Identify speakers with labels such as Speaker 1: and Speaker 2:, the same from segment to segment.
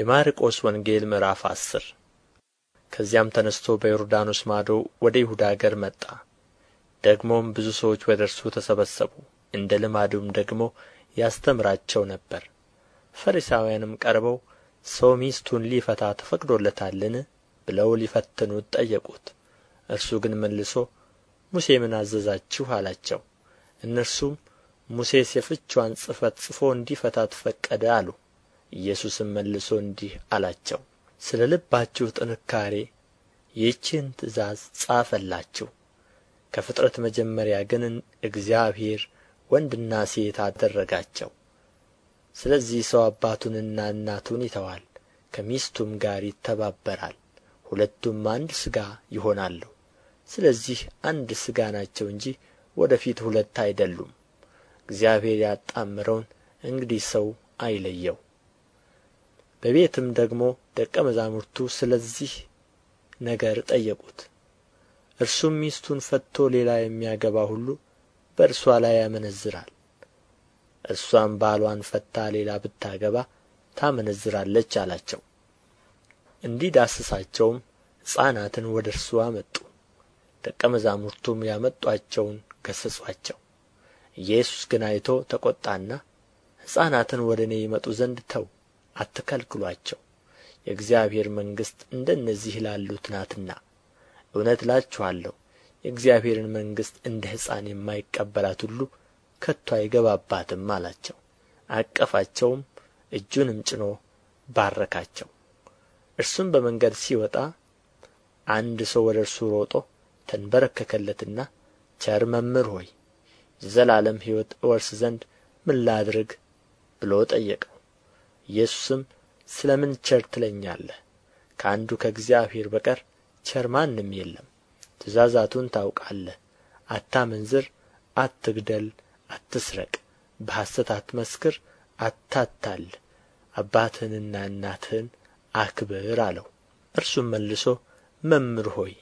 Speaker 1: የማርቆስ ወንጌል ምዕራፍ አስር ከዚያም ተነስቶ በዮርዳኖስ ማዶ ወደ ይሁዳ አገር መጣ። ደግሞም ብዙ ሰዎች ወደ እርሱ ተሰበሰቡ፣ እንደ ልማዱም ደግሞ ያስተምራቸው ነበር። ፈሪሳውያንም ቀርበው ሰው ሚስቱን ሊፈታ ተፈቅዶለታልን? ብለው ሊፈትኑት ጠየቁት። እርሱ ግን መልሶ ሙሴ ምን አዘዛችሁ? አላቸው። እነርሱም ሙሴስ የፍቿን ጽሕፈት ጽፎ እንዲፈታት ፈቀደ አሉ። ኢየሱስም መልሶ እንዲህ አላቸው ስለ ልባችሁ ጥንካሬ ይህችን ትእዛዝ ጻፈላችሁ ከፍጥረት መጀመሪያ ግን እግዚአብሔር ወንድና ሴት አደረጋቸው ስለዚህ ሰው አባቱንና እናቱን ይተዋል ከሚስቱም ጋር ይተባበራል ሁለቱም አንድ ሥጋ ይሆናሉ ስለዚህ አንድ ሥጋ ናቸው እንጂ ወደ ፊት ሁለት አይደሉም እግዚአብሔር ያጣምረውን እንግዲህ ሰው አይለየው በቤትም ደግሞ ደቀ መዛሙርቱ ስለዚህ ነገር ጠየቁት እርሱም ሚስቱን ፈትቶ ሌላ የሚያገባ ሁሉ በእርሷ ላይ ያመነዝራል እርሷም ባሏን ፈታ ሌላ ብታገባ ታመነዝራለች አላቸው እንዲዳስሳቸውም ሕፃናትን ወደ እርሱ አመጡ ደቀ መዛሙርቱም ያመጧቸውን ገሠጹአቸው ኢየሱስ ግን አይቶ ተቈጣና ሕፃናትን ወደ እኔ ይመጡ ዘንድ ተው አትከልክሏቸው፣ የእግዚአብሔር መንግሥት እንደነዚህ ላሉት ናትና እውነት እላችኋለሁ የእግዚአብሔርን መንግሥት እንደ ሕፃን የማይቀበላት ሁሉ ከቶ አይገባባትም አላቸው አቀፋቸውም እጁንም ጭኖ ባረካቸው እርሱም በመንገድ ሲወጣ አንድ ሰው ወደ እርሱ ሮጦ ተንበረከከለትና ቸር መምህር ሆይ የዘላለም ሕይወት እወርስ ዘንድ ምን ላድርግ ብሎ ጠየቀ። ኢየሱስም ስለ ምን ቸር ትለኛለህ ከአንዱ ከእግዚአብሔር በቀር ቸር ማንም የለም ትእዛዛቱን ታውቃለህ አታመንዝር አትግደል አትስረቅ በሐሰት አትመስክር አታታል፣ አባትህንና እናትህን አክብር አለው እርሱም መልሶ መምህር ሆይ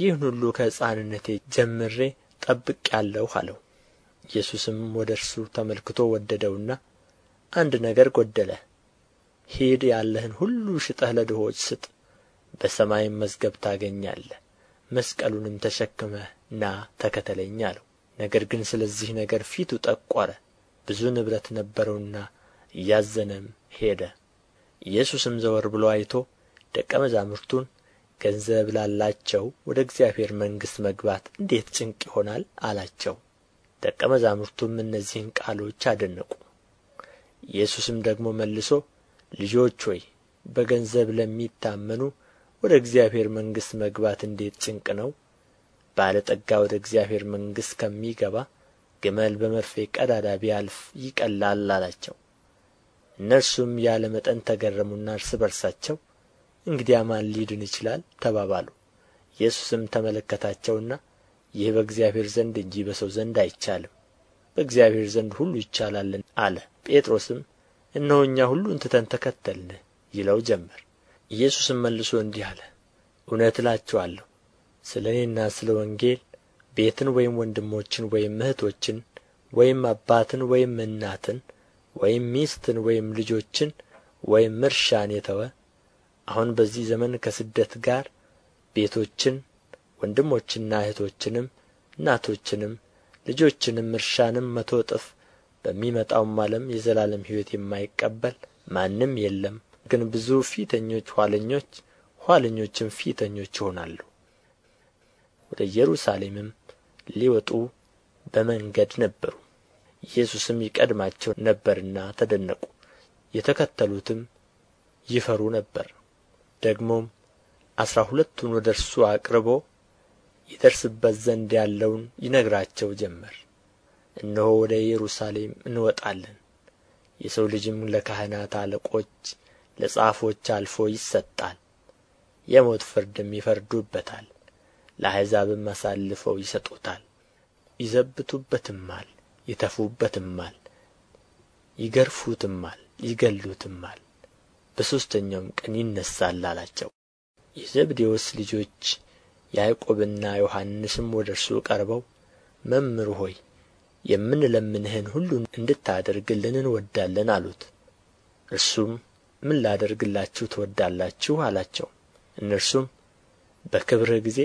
Speaker 1: ይህን ሁሉ ከሕፃንነቴ ጀምሬ ጠብቄአለሁ አለው ኢየሱስም ወደ እርሱ ተመልክቶ ወደደውና አንድ ነገር ጎደለ ሂድ ያለህን ሁሉ ሽጠህ ለድሆች ስጥ በሰማይም መዝገብ ታገኛለህ መስቀሉንም ተሸክመህ ና ተከተለኝ አለው ነገር ግን ስለዚህ ነገር ፊቱ ጠቆረ ብዙ ንብረት ነበረውና እያዘነም ሄደ ኢየሱስም ዘወር ብሎ አይቶ ደቀ መዛሙርቱን ገንዘብ ላላቸው ወደ እግዚአብሔር መንግሥት መግባት እንዴት ጭንቅ ይሆናል አላቸው ደቀ መዛሙርቱም እነዚህን ቃሎች አደነቁ ኢየሱስም ደግሞ መልሶ ልጆች ሆይ በገንዘብ ለሚታመኑ ወደ እግዚአብሔር መንግሥት መግባት እንዴት ጭንቅ ነው ባለጠጋ ወደ እግዚአብሔር መንግሥት ከሚገባ ግመል በመርፌ ቀዳዳ ቢያልፍ ይቀላል አላቸው እነርሱም ያለ መጠን ተገረሙና እርስ በርሳቸው እንግዲያ ማን ሊድን ይችላል ተባባሉ ኢየሱስም ተመለከታቸውና ይህ በእግዚአብሔር ዘንድ እንጂ በሰው ዘንድ አይቻልም በእግዚአብሔር ዘንድ ሁሉ ይቻላል አለ ጴጥሮስም እነሆ እኛ ሁሉን ትተን ተከተልን ይለው ጀመር ኢየሱስም መልሶ እንዲህ አለ እውነት እላችኋለሁ ስለ እኔና ስለ ወንጌል ቤትን ወይም ወንድሞችን ወይም እህቶችን ወይም አባትን ወይም እናትን ወይም ሚስትን ወይም ልጆችን ወይም እርሻን የተወ አሁን በዚህ ዘመን ከስደት ጋር ቤቶችን ወንድሞችና እህቶችንም እናቶችንም ልጆችንም እርሻንም መቶ እጥፍ በሚመጣውም ዓለም የዘላለም ሕይወት የማይቀበል ማንም የለም ግን ብዙ ፊተኞች ኋለኞች ኋለኞችም ፊተኞች ይሆናሉ ወደ ኢየሩሳሌምም ሊወጡ በመንገድ ነበሩ ኢየሱስም ይቀድማቸው ነበርና ተደነቁ የተከተሉትም ይፈሩ ነበር ደግሞም አሥራ ሁለቱን ወደ እርሱ አቅርቦ ይደርስበት ዘንድ ያለውን ይነግራቸው ጀመር እነሆ ወደ ኢየሩሳሌም እንወጣለን የሰው ልጅም ለካህናት አለቆች ለጻፎች አልፎ ይሰጣል የሞት ፍርድም ይፈርዱበታል ለአሕዛብም አሳልፈው ይሰጡታል ይዘብቱበትማል ይተፉበትማል ይገርፉትማል ይገሉትማል በሦስተኛውም ቀን ይነሣል አላቸው የዘብዴዎስ ልጆች ያዕቆብና ዮሐንስም ወደ እርሱ ቀርበው መምህር ሆይ የምንለምንህን ሁሉ እንድታደርግልን እንወዳለን አሉት እርሱም ምን ላደርግላችሁ ትወዳላችሁ አላቸው እነርሱም በክብርህ ጊዜ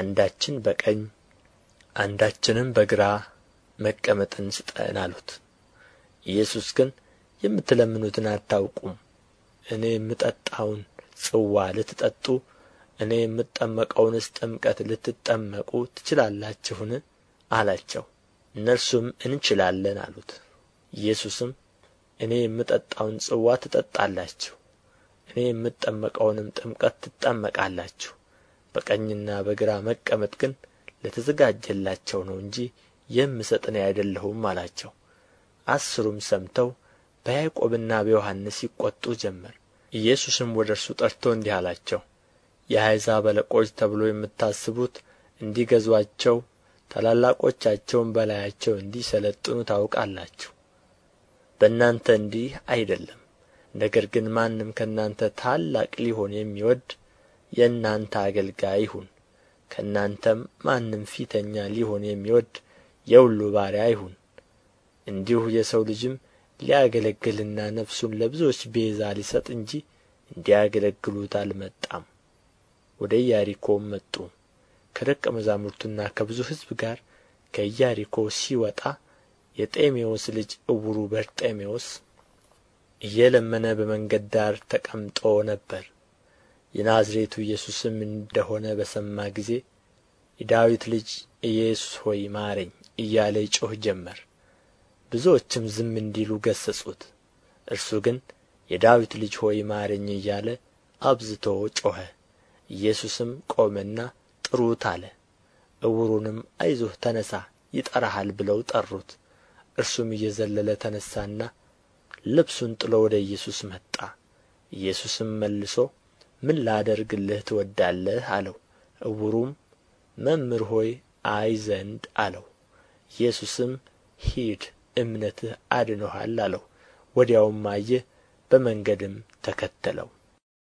Speaker 1: አንዳችን በቀኝ አንዳችንም በግራ መቀመጥን ስጠን አሉት ኢየሱስ ግን የምትለምኑትን አታውቁም እኔ የምጠጣውን ጽዋ ልትጠጡ እኔ የምጠመቀውንስ ጥምቀት ልትጠመቁ ትችላላችሁን አላቸው እነርሱም እንችላለን አሉት ኢየሱስም እኔ የምጠጣውን ጽዋ ትጠጣላችሁ እኔ የምጠመቀውንም ጥምቀት ትጠመቃላችሁ በቀኝና በግራ መቀመጥ ግን ለተዘጋጀላቸው ነው እንጂ የምሰጥ እኔ አይደለሁም አላቸው አስሩም ሰምተው በያዕቆብና በዮሐንስ ይቈጡ ጀመር ኢየሱስም ወደ እርሱ ጠርቶ እንዲህ አላቸው የአሕዛብ አለቆች ተብሎ የምታስቡት እንዲገዙአቸው ታላላቆቻቸውም በላያቸው እንዲሰለጥኑ ታውቃላችሁ በእናንተ እንዲህ አይደለም ነገር ግን ማንም ከእናንተ ታላቅ ሊሆን የሚወድ የእናንተ አገልጋይ ይሁን ከእናንተም ማንም ፊተኛ ሊሆን የሚወድ የሁሉ ባሪያ ይሁን እንዲሁ የሰው ልጅም ሊያገለግልና ነፍሱን ለብዙዎች ቤዛ ሊሰጥ እንጂ እንዲያገለግሉት አልመጣም ወደ ኢያሪኮም መጡ ከደቀ መዛሙርቱና ከብዙ ሕዝብ ጋር ከኢያሪኮ ሲወጣ የጤሜዎስ ልጅ ዕውሩ በርጤሜዎስ እየለመነ በመንገድ ዳር ተቀምጦ ነበር የናዝሬቱ ኢየሱስም እንደ ሆነ በሰማ ጊዜ የዳዊት ልጅ ኢየሱስ ሆይ ማረኝ እያለ ይጮህ ጀመር ብዙዎችም ዝም እንዲሉ ገሠጹት እርሱ ግን የዳዊት ልጅ ሆይ ማረኝ እያለ አብዝቶ ጮኸ ኢየሱስም ቆመና ጥሩት አለ ዕውሩንም አይዞህ ተነሣ ይጠራሃል ብለው ጠሩት እርሱም እየዘለለ ተነሣና ልብሱን ጥሎ ወደ ኢየሱስ መጣ ኢየሱስም መልሶ ምን ላደርግልህ ትወዳለህ አለው ዕውሩም መምህር ሆይ አይ ዘንድ አለው ኢየሱስም ሂድ እምነትህ አድኖሃል አለው ወዲያውም አየ በመንገድም ተከተለው